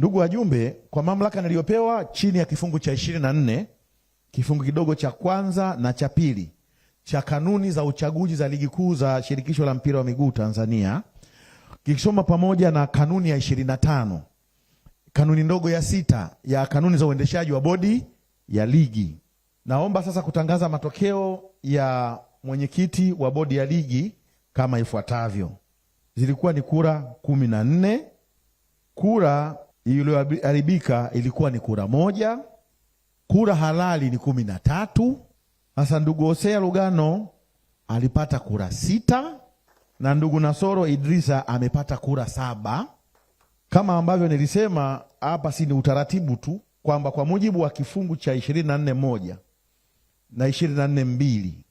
Ndugu wajumbe, kwa mamlaka niliyopewa chini ya kifungu cha ishirini na nne kifungu kidogo cha kwanza na cha pili cha kanuni za uchaguzi za ligi kuu za shirikisho la mpira wa miguu Tanzania kikisoma pamoja na kanuni ya ishirini na tano kanuni ndogo ya sita ya kanuni za uendeshaji wa bodi ya ligi, naomba sasa kutangaza matokeo ya mwenyekiti wa bodi ya ligi kama ifuatavyo. Zilikuwa ni kura kumi na nne kura iliyoharibika ilikuwa ni kura moja, kura halali ni kumi na tatu. Sasa ndugu Hosea Lugano alipata kura sita na ndugu Nasoro Idrisa amepata kura saba. Kama ambavyo nilisema hapa, si ni utaratibu tu kwamba kwa mujibu wa kifungu cha ishirini na nne moja na ishirini na nne mbili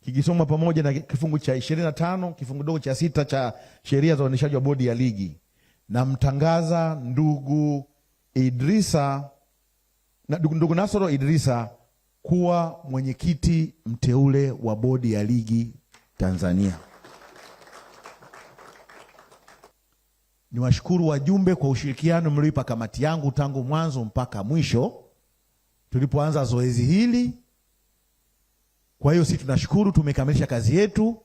kikisoma pamoja na kifungu cha ishirini na tano kifungu dogo cha sita cha sheria za uendeshaji wa bodi ya ligi namtangaza ndugu Idrisa na ndugu Nasoro Idrisa kuwa mwenyekiti mteule wa bodi ya ligi Tanzania. Niwashukuru wajumbe kwa ushirikiano mlioipa kamati yangu tangu mwanzo mpaka mwisho tulipoanza zoezi hili. Kwa hiyo sisi tunashukuru, tumekamilisha kazi yetu.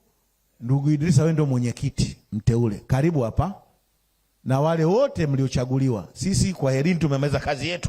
Ndugu Idrisa, wewe ndio mwenyekiti mteule, karibu hapa na wale wote mliochaguliwa. Sisi kwa herini tumemaliza kazi yetu.